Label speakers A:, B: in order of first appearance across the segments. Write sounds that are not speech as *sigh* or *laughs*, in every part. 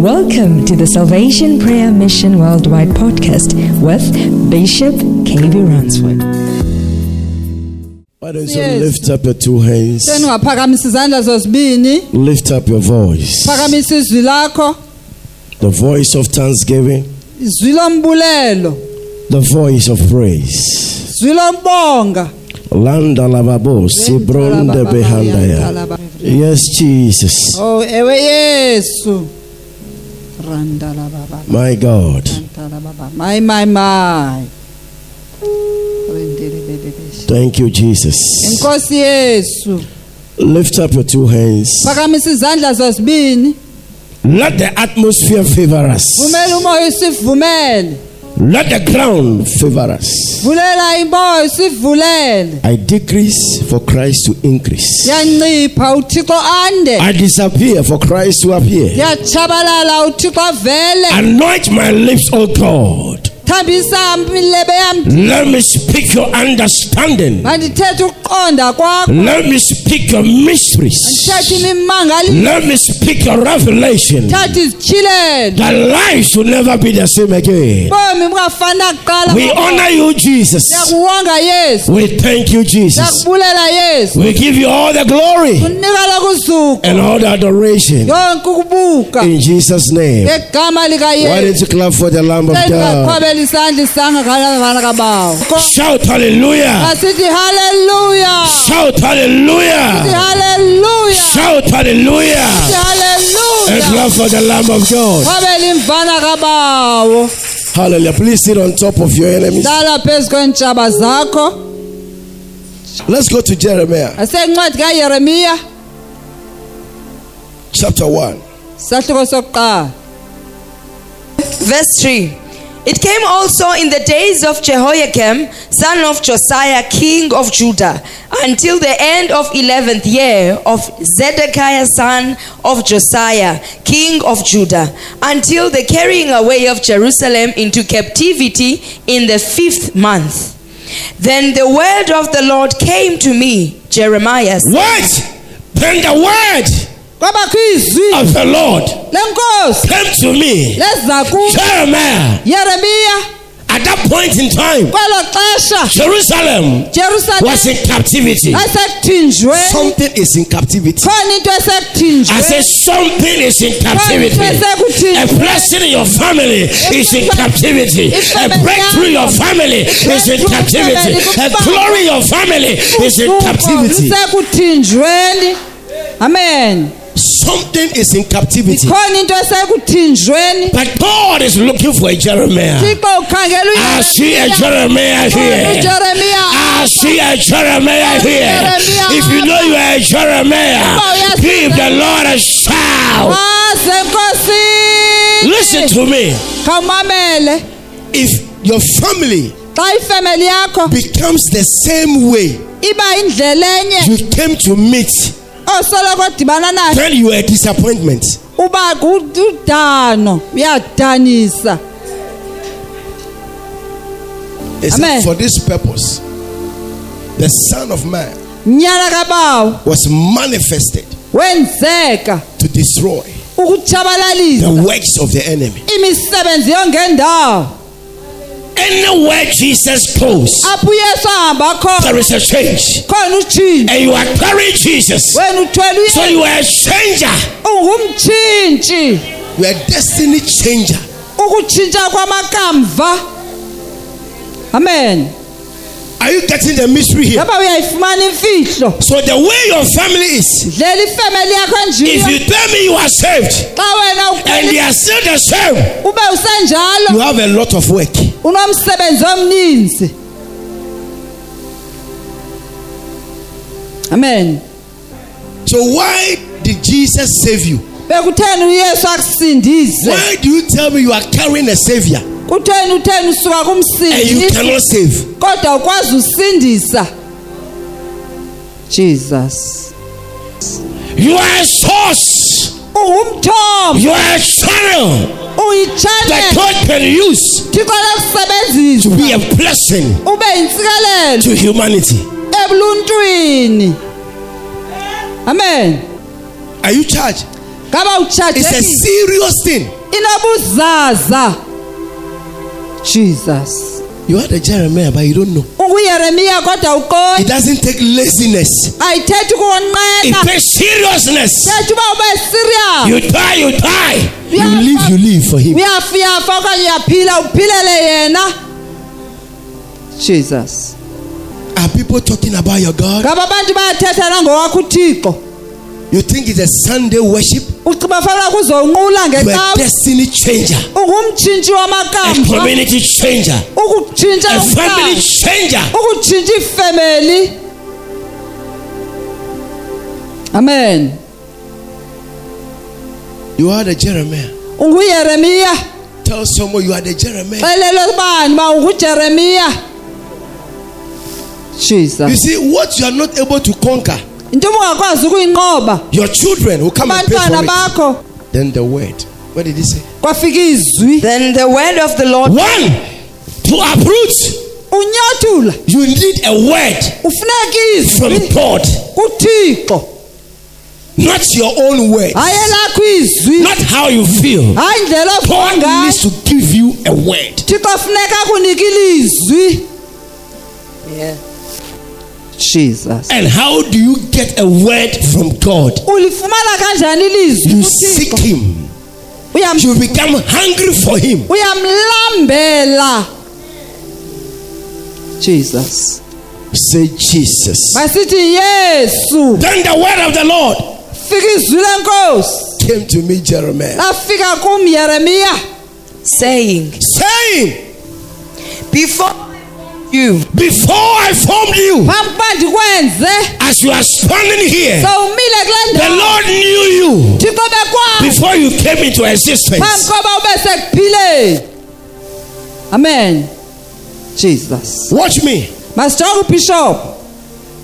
A: Welcome to the Salvation Prayer Mission Worldwide podcast with Bishop KB Ransford. Why lift up your two hands? seningaphakamisa izandla zozibini Lift up your voice. phakamisa izwi The voice of thanksgiving, izwi lombulelo the voice of praise. izwi lombonga Landa lavabo, sibronde behandaya. Yes, Jesus. oh ewe yes. My God. My, my, my. Thank you, Jesus. Lift up your two hands. Let the atmosphere favor us. Let the ground favor us. I decrease for Christ to increase. I disappear for Christ to appear. Anoint my lips, O God. Let me speak your understanding. Let me speak your mysteries. Let me speak your revelation. The life will never be the same again. We honor you, Jesus. We thank you, Jesus. We give you all the glory and all the adoration. In Jesus' name. Why don't you clap for the Lamb of God? shout hallelujah Hallelujah! shout hallelujah haleluya shout hallelujah Hallelujah! and clap for the lamb of god hallelujah please sit on top of your enemies let's go to jeremiah chapter 1 verse 3 it came also in the days of Jehoiakim, son of Josiah, king of Judah, until the end of eleventh year of Zedekiah, son of Josiah, king of Judah, until the carrying away of Jerusalem into captivity in the fifth month. Then the word of the Lord came to me, Jeremiah. Said, what? Then the word kwabakho izwi of the lord lenkosi came to me leza jeremiah yeremiya At that point in time, Jerusalem, Jerusalem was in captivity. Something is in captivity. I said, Something is in captivity. A blessing in your family is in captivity. A breakthrough in your family is in captivity. A glory in your family is in captivity. Amen something is in captivity. But God is looking for a Jeremiah. I see a Jeremiah here. I see a Jeremiah here. If you know you are a Jeremiah, give the Lord a shout. Listen to me. If your family becomes the same way you came to meet osoloko tell you a disappointment uba udano uyadanisa Amen. for this purpose the son of man nyana kabawo was manifested wenzeka to destroy ukutshabalalisa the works of the enemy imisebenzi yongendawo Anywhere Jesus goes, there is a change. And you are carrying Jesus. So you are a changer. You are a destiny changer. Amen. Are you getting the mystery here? So the way your family is. If you tell me you are saved. And they are still the same. You have a lot of work unomsebenzi omninzi amen so why did jesus save you bekutheni uyesu akusindise why do you tell me you are carrying a savior kutheni utheni usuka and you cannot save kodwa ukwazi usindisa jesus you are a source you are a channel that God can use to be a blessing to humanity. Amen. Are you charged? It's a serious thing. Jesus. You had a Jeremiah, but you don't know. It doesn't take laziness. It takes seriousness. You die, you die. You live, you live for Him. Jesus. Are people talking about your God? You think it's a Sunday worship? ucinga fanele kuzonqula destiny changer a community changer a family changer amen you are the jeremiah tell someone you are the jeremiah you see what you are not able to conquer your children will come and pay for it then the word what did he say Then the word of the Lord. one to uproot you need a word from izwi god not your own words. not how you feel hayi ndlela god needs to give you a word Yeah. Jesus. And how do you get a word from God? You seek Him. You become hungry for Him. Jesus. Say Jesus. My city, Then the word of the Lord came to me, Jeremiah. Saying, saying, before you. Before I formed you. Phambi ndikwenze. As you are standing here. Sowumile kule ndawo. The Lord knew you. Thixo bekwazi. Before you came into existence. Phambi ube sekuphileni. Amen. Jesus. Watch me. Masithola uBishop.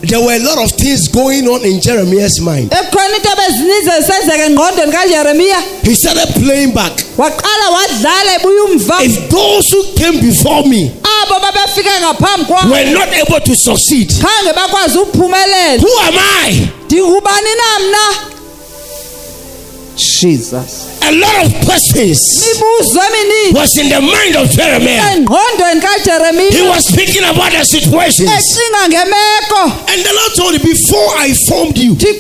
A: There were a lot of things going on in Jeremiah's mind. He started playing back. If those who came before me abo babefike ngaphambi were not able to succeed khange bakwazi ukuphumelela who am i ndingubani na mna jesus a lot of persons was in the mind of Jeremiah. He was speaking about the situations. And the Lord told him, Before I formed you. So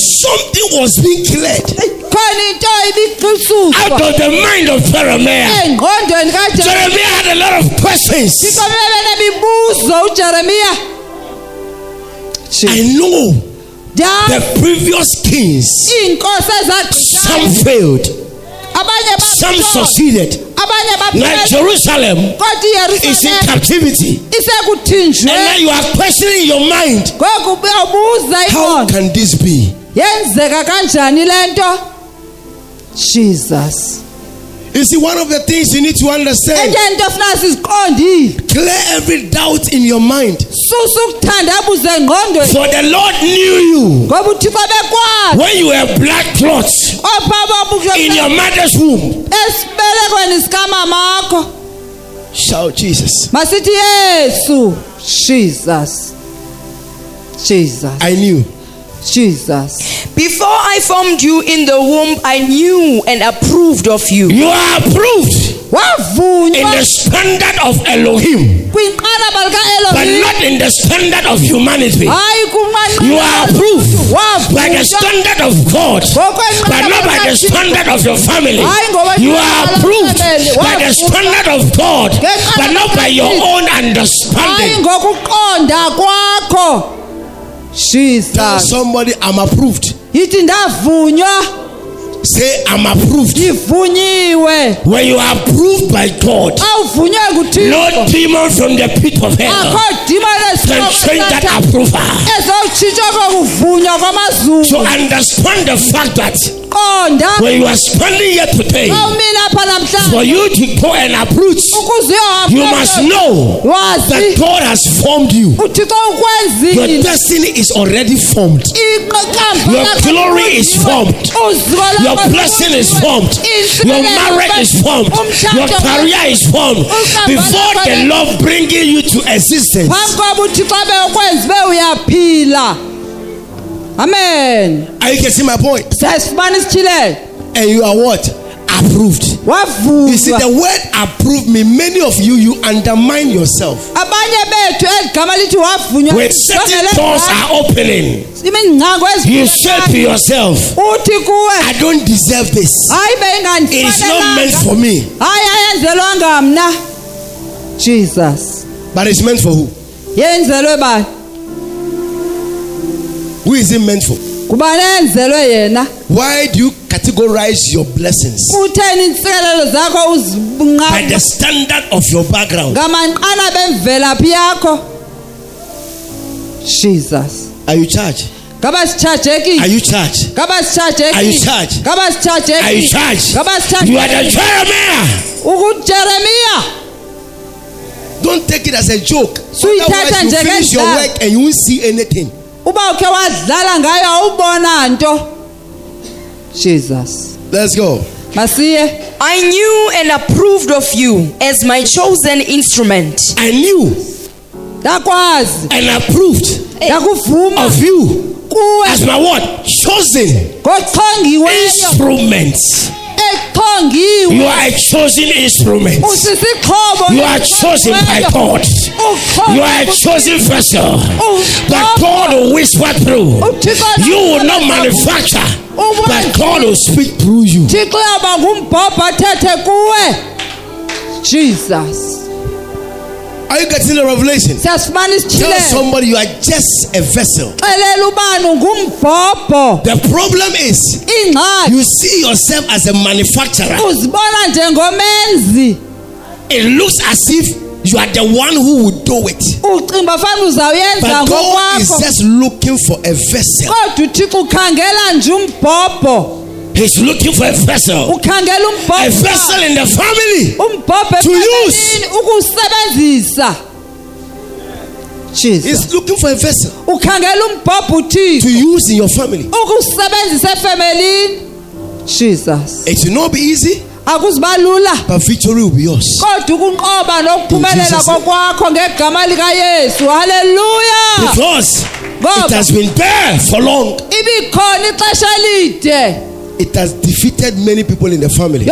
A: something was being cleared. Out of the mind of Jeremiah. Jeremiah had a lot of questions. I know the previous kings some failed some succeeded like Jerusalem is in captivity and now you are questioning your mind how can this be Jesus you see, one of the things you need to understand. Clear every doubt in your mind. For the Lord knew you. When you were black clothes. in your mother's womb. Shout Jesus. Jesus. Jesus. I knew. Jesus. Before I formed you in the womb, I knew and approved of you. You are approved. In the standard of Elohim, but not in the standard of humanity. You are approved by the standard of God, but not by the standard of your family. You are approved by the standard of God, but not by your own understanding. Jesus. Tell somebody I'm approved. Iti ndavunywa. Say I'm approved. Ndivunyiwe. When you are approved by God. Awuvunywe nguThixo. No demon from the pit of hell. Akho demon can change that approval. Ezawutshintsha kokuvunywa kwamazulu. To understand the fact that ukuqonda you are spending to pay. for you to go and approach you must know that God has formed you your destiny is already formed your glory is formed your blessing is formed your marriage is formed your career is formed before the love bringing you to existence Amen. Are you see my point? And you are what? Approved. You see, the word approved me, many of you, you undermine yourself. When certain doors are opening, you say to yourself, I don't deserve this. It is not meant for me. Jesus. But it's meant for who? Who is it meant for? Why do you categorize your blessings by the standard of your background? Jesus. Are you charged? Are you charged? Are you charged? Are you charged? You are the Jeremiah. Don't take it as a joke. Otherwise, you finish your work and you won't see anything uba ukhe wadlala ngayo awubona nto jesus let's go masiye I knew and approved of you as my chosen instrument. I knew. Ndakwazi. And approved. Ndakuvuma. Of you. Kuwe. As my what? Chosen. Ngochongiweyo. Instrument you are a chosen instrument you are chosen by God you are a chosen vessel that God will whisper through you will not manufacture but God will speak through you Jesus are you getting the revelation? Tell somebody you are just a vessel. The problem is you see yourself as a manufacturer. It looks as if you are the one who would do it. But God is just looking for a vessel. He's looking for a vessel. A vessel in the family. to use. Jesus. He's looking for a vessel. To use in your family. Jesus. It will not be easy. akuzuba lula kodwa ukunqoba nokuphumelela kokwakho ngegama likayesu halleluya ibikhona ixesha elide it has defeated many people in the family.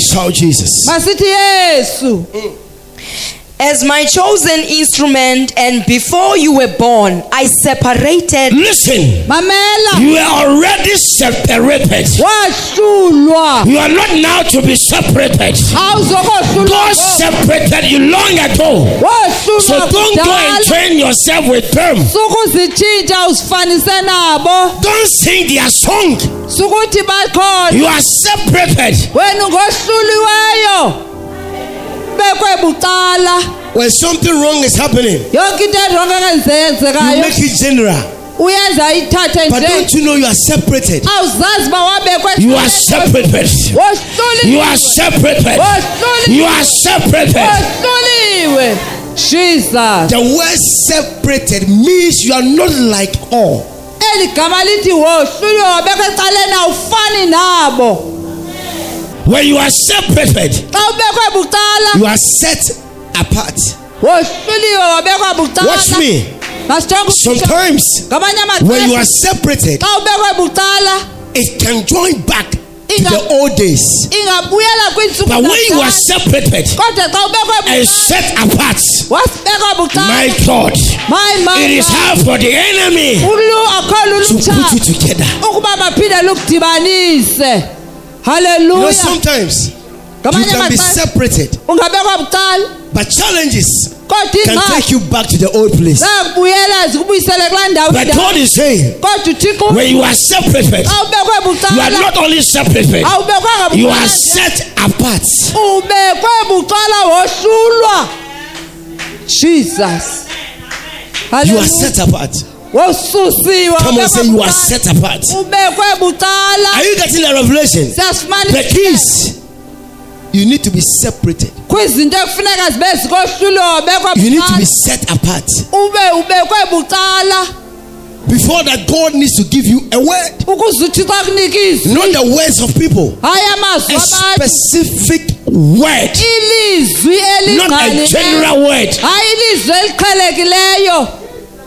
A: Shout Jesus. Mm. As my chosen instrument, and before you were born, I separated. Listen. Mamela. You are already separated. Wasulwa. You are not now to be separated. God separated you long ago. So don't go and train yourself with them. Don't sing their song. You are separated when something wrong is happening yonke into erongo engenzekayo you make it general uyenza ithathe but don't you know you are separated awuzazi uba wabekwe you are separated you are separated you are separated jesus the word separated means you are not like all eli gama lithi wohluliwe wabekwe ecaleni awufani nabo when you are separated, you are set apart. Watch me. Sometimes, when you are separated, it can join back in the old days. But when you are separated and set apart, my God, it is hard for the enemy to put you together. Hallelujah. You know, sometimes
B: you can be
A: separated. But challenges can take you back to the old place. But God is saying, when you are separated, you are not only separated, you are set apart. Jesus. Hallelujah. You are set apart. Come and say you are set apart. Are you getting the revelation? The keys. You need to be separated. You need to be set apart. Before that, God needs to give you a word. Not the words of people. A specific word. Not a general word.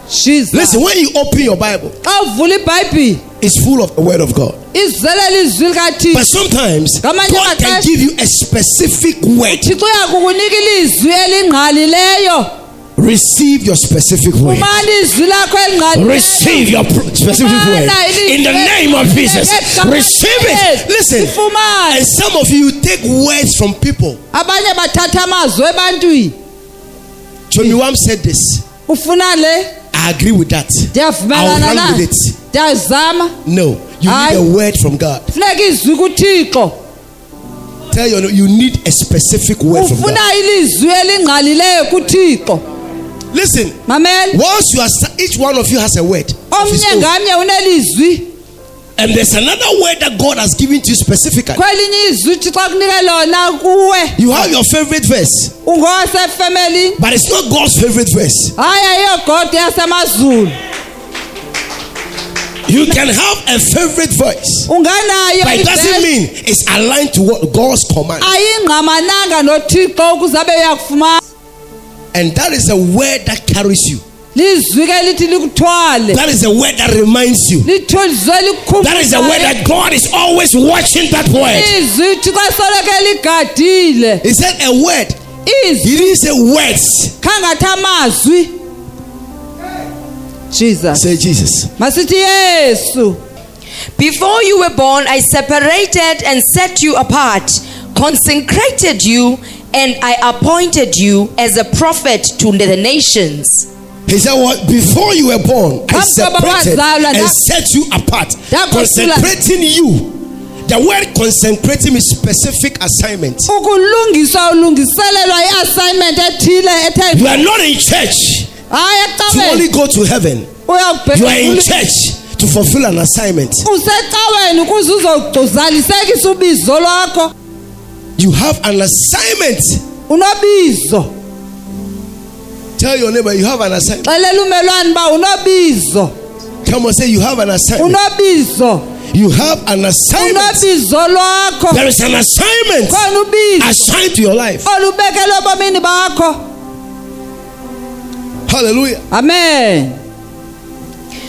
A: Jesus. Listen, when you open your Bible, it's full of the Word of God. But sometimes God can give you a specific word. Receive your specific word. Receive your specific word. In the name of Jesus. Receive it. Listen. And some of you take words from people. Chomyam said this. I agree with that. I'll run with it. No, you need a word from God. Tell you, you need a specific word from God. Listen, Mamel. once you are, each one of you has a word. And there's another word that God has given to you specifically. You have your favorite verse. But it's not God's favorite verse. You can have a favorite voice. But it doesn't mean it's aligned to what God's command. And that is a word that carries you that is a word that reminds you that is a word that God is always watching that word he said a word he didn't say words Jesus say Jesus masithi Yesu before you were born I separated and set you apart consecrated you and I appointed you as a prophet to the nations he said, What well, before you were born, I separated and set you apart, concentrating you. The word consecrating is specific assignment. You are not in church to only go to heaven. You are in church to fulfill an assignment. You have an assignment. Tell your neighbor you have an assignment. Come on, say you have an assignment. You have an assignment. There is an assignment assigned to your life. Hallelujah. Amen.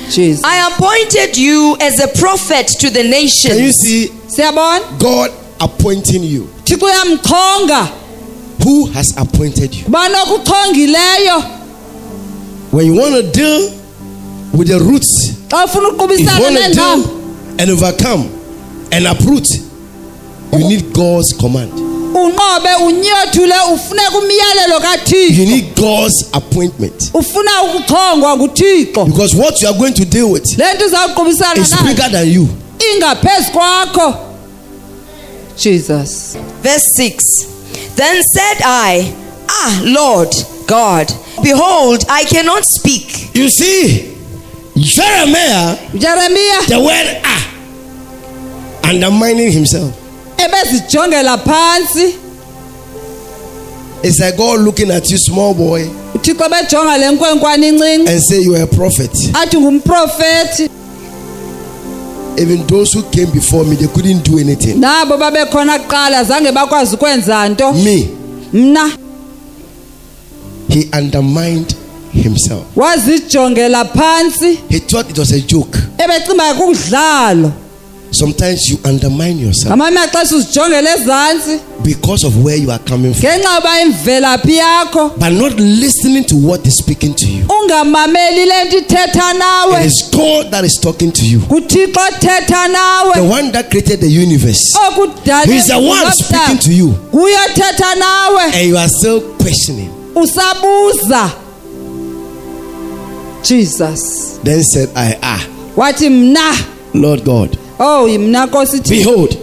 A: Jesus. I appointed you as a prophet to the nations. Can you see God appointing you? who has appointed you. When you want to deal with the roots, if you want to deal and overcome and uproot, you need God's command. You need God's appointment. Because what you are going to deal with is bigger than you. Jesus. Verse 6 then said I, Ah, Lord God, behold, I cannot speak. You see, Jeremiah, Jeremiah, the word ah, undermining himself. It's a God looking at you, small boy, and say you are a prophet even those who came before me they couldn't do anything nabo babekhona kuqala zange bakwazi ukwenza nto me mna he undermined himself wazijongela phantsi he thought it was a joke ebecinga kudlalo sometimes you undermine yourself ngamanye amaxesha uzijongela ezantsi because of where you are coming from. ngenxa By not listening to what is speaking to you. It's God that is talking to you. The one that created the universe. He is the one speaking to you. And you are still questioning. jesus Then said I, Ah, What Lord God, oh behold,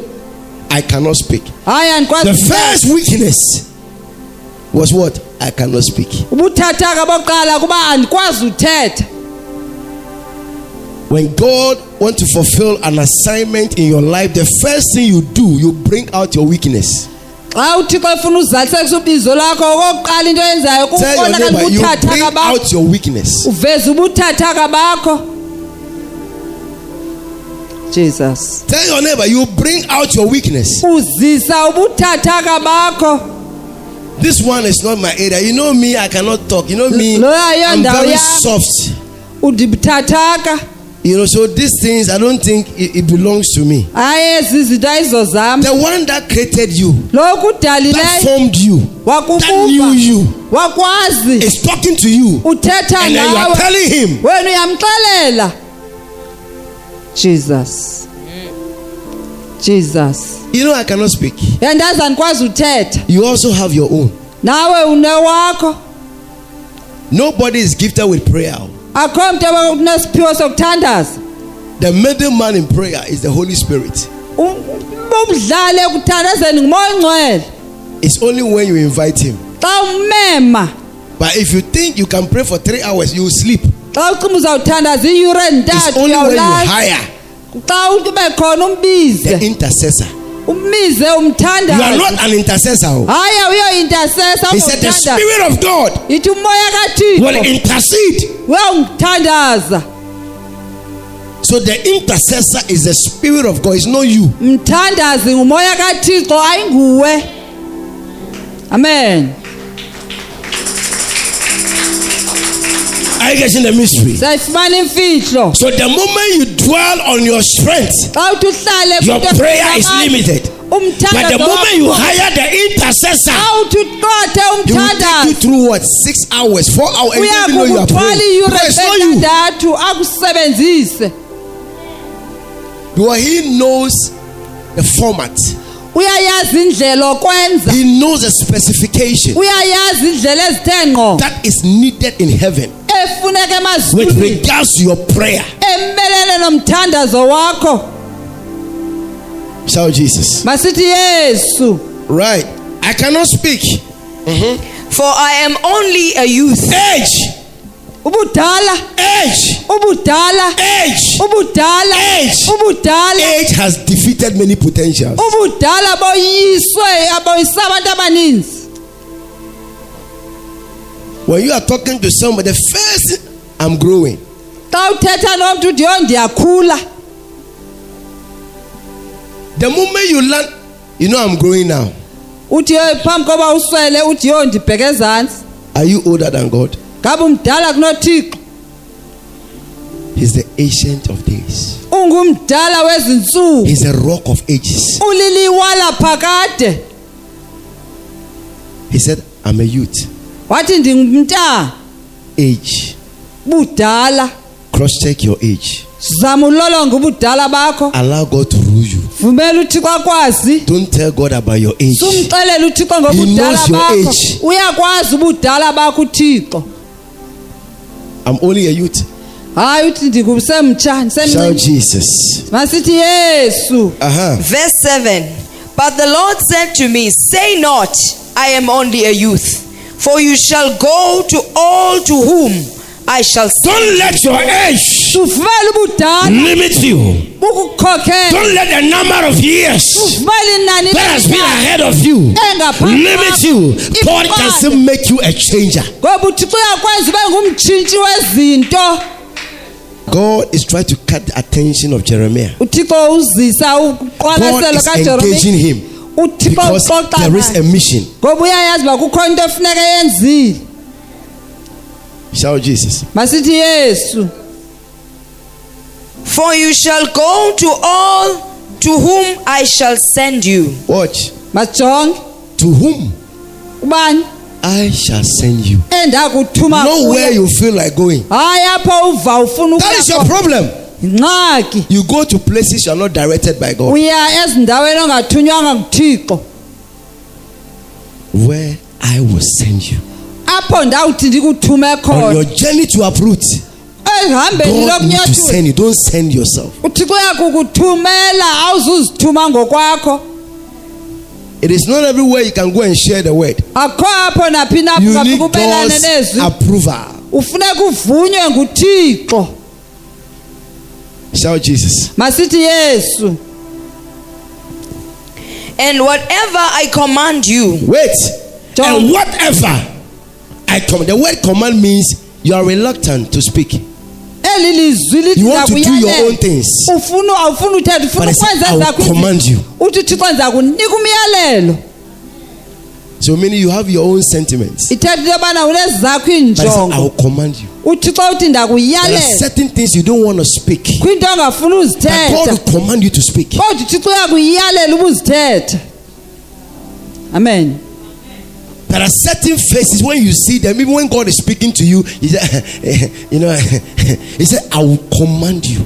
A: I cannot speak. Haya nilikuwa The first weakness was what? I cannot speak. When God wants to fulfill an assignment in your life, the first thing you do, you bring out your weakness. xa uthixo efuna uzalisekisa ubizo okokuqala into yenzayo Tell your kukubonakala neighbor, you bring ubuthathaka bakho out your weakness. ubuthathaka bakho Jesus. Tell your neighbor, you bring out your weakness. This one is not my area. You know me, I cannot talk. You know me, I'm very soft. You know, so these things I don't think it, it belongs to me. The one that created you, that formed you, that knew you, is talking to you, and then you are telling him. Jesus Jesus you know I cannot speak yendazi andikwazi uthetha you also have your own nawe unewakho nobody is gifted with prayer akho mntu unesiphiwo sokuthandaza the man in prayer is the Holy Spirit um, it's only when you invite him but if you think you can pray for three hours you will sleep xa uzawuthandazia iyure ntathu ube khona umbize the intercessor you are not an intercessor oh. he said the spirit of god umoya kathixo intercede So the intercessor is the spirit of God. It's not you. Mthandazi Amen. are you getting the mystery? Sayifumana imfihlo. So the moment you dwell on your strength, your prayer is limited. But the moment you hire the intercessor, you will take you through what six hours, four hours, and even though you are praying, it's not you. Because he knows the format. uyayazi indlela okwenza he knows the specification uyayazi indlela ezithe ngqo that is needed in heaven with regards to your prayer. Shout Jesus. Right. I cannot speak. Mm-hmm. For I am only a youth. Age. ubudala age ubudala age ubudala age ubudala age has defeated many potentials ubudala boyiswe aboyisa abantu abaninzi when you are talking to somebody, first I'm growing. The moment you learn, you know I'm growing now. koba Are you older than God? He's the ancient of days. Ungumdala He's a rock of ages. Uliliwala phakade. He said, I'm a youth wathi ndingumnta age budala cross check your age zama ulolonga ubudala bakho allow god to rule you vumela uthixo akwazi don't tell god about your age sumxelela uthixo ngobudala bakho uyakwazi ubudala bakho uthixo i'm only a youth hayi uthi ndikusemtsha ndisemncinci masithi yesu verse 7 but the lord said to me say not i am only a youth for you shall go to all to whom I shall send. Don't let your age limit you. Don't let the number of years that has been ahead of you limit you. God doesn't make you a changer. God is trying to cut the attention of Jeremiah. God is engaging him because there is a mission ngoba uyayazi uba kukhona into efuneka yenzile shout jesus masithi yesu for you shall go to all to whom i shall send you watch masijonge to whom ubani I shall send you. Know where you feel like going. That is your problem ngxaki you go to places you are not directed by god uya ezindaweni ongathunywanga nguthixo where i will send you apho ndawuthi ndikuthume khona on your journey to uproot ehambeni lokunyathula don't send yourself uthixo uyakukuthumela awuzuzithuma ngokwakho It is not everywhere you can go and share the word. You need God's approval. Shout Jesus. Masithi Yesu. And whatever I command you. Wait. John. And whatever I command. The word command means you are reluctant to speak. You want to do your own things. But I, said, I will command you. So meaning you have your own sentiments. ithetha into yobana I will command you. There are certain things you don't want to speak. But God will command you to speak. amen There are certain faces when you see them, even when God is speaking to you, he said, *laughs* you know, *laughs* he said, I will command you.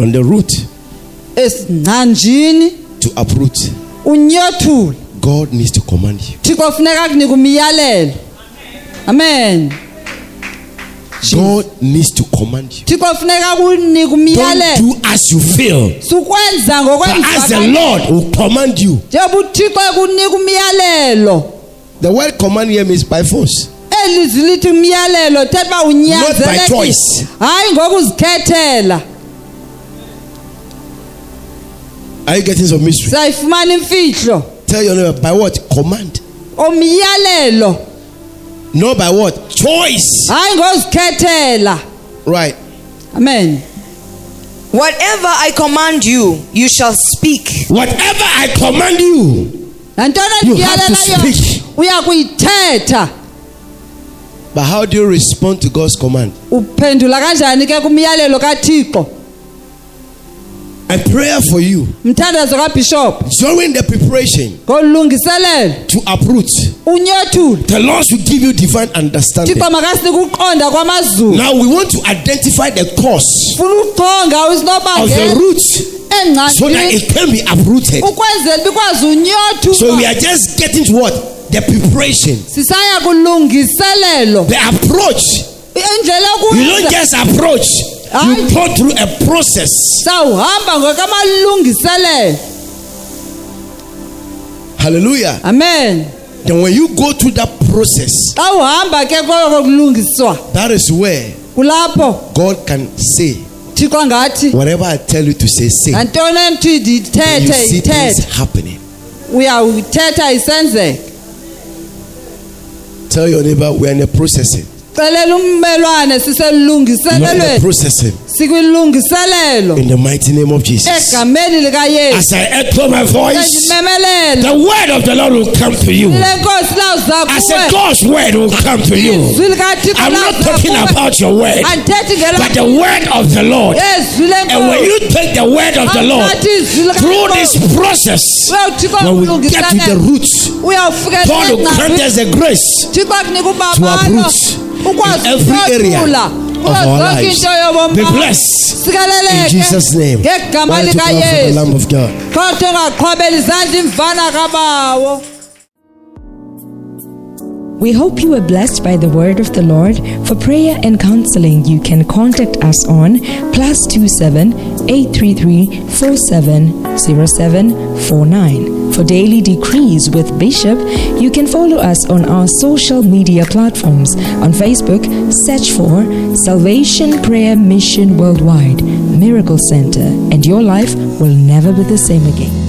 A: On the route, Nanjin to uproot unyothule god needs to command you thixo kufuneka kunika umyalelo amen god needs to command you thixo kufuneka kunika umyalelo don't do as you feel sukwenza ngokwenza as the lord will command you njengoba uthixo ekunika umyalelo the word command here means by force eli zilithi umyalelo thetha uba unyanzeleke Are you getting some mystery? in imfihlo. Tell your neighbor by what? Command. Umyalelo. No, by what? Choice. Hayi ngozikhethela. Right. Amen. Whatever I command you, you shall speak. Whatever I command you, you have to speak. But how do you respond to God's command? a prayer for you umthandazo kabishop during the preparation kolungiselele to uproot unyathule the lord should give you divine understanding thixo makasinike ukuqonda kwamazulu now we want to identify the cause funa ukuchonga of the root so that it can be uprooted ukwenzela bikwazi unyathula so we are just getting to what the preparation sisaya kulungiselelo the approach indlela yokwenza you don't just approach Ah. you go through a process sawuhamba ngokwamalungiselelo hallelujah amen then when you go through that process ke that is where kulapho god can say thixo whatever i tell you to say say nantoni endithi ndithethe yithethe happening uyawuthetha isenzeka tell your neighbor we are in a processing celela processing eh? in the mighty name of Jesus. egameni As I echo my voice, the word of the Lord will come to you. le nkosi I said, God's word will come to you. izwi I'm not talking about your word, andithethi but the word of the Lord. yezwi And when you take the word of the Lord through this process, we will when we get to the roots, God will grant us the grace to to roots in every area of our lives. Be blessed in Jesus' name. Why to the Lamb of God. We hope you were blessed by the word of the Lord. For prayer and counseling, you can contact us on plus plus two seven eight three three four seven zero seven four nine. For daily decrees with Bishop, you can follow us on our social media platforms. On Facebook, search for Salvation Prayer Mission Worldwide Miracle Center, and your life will never be the same again.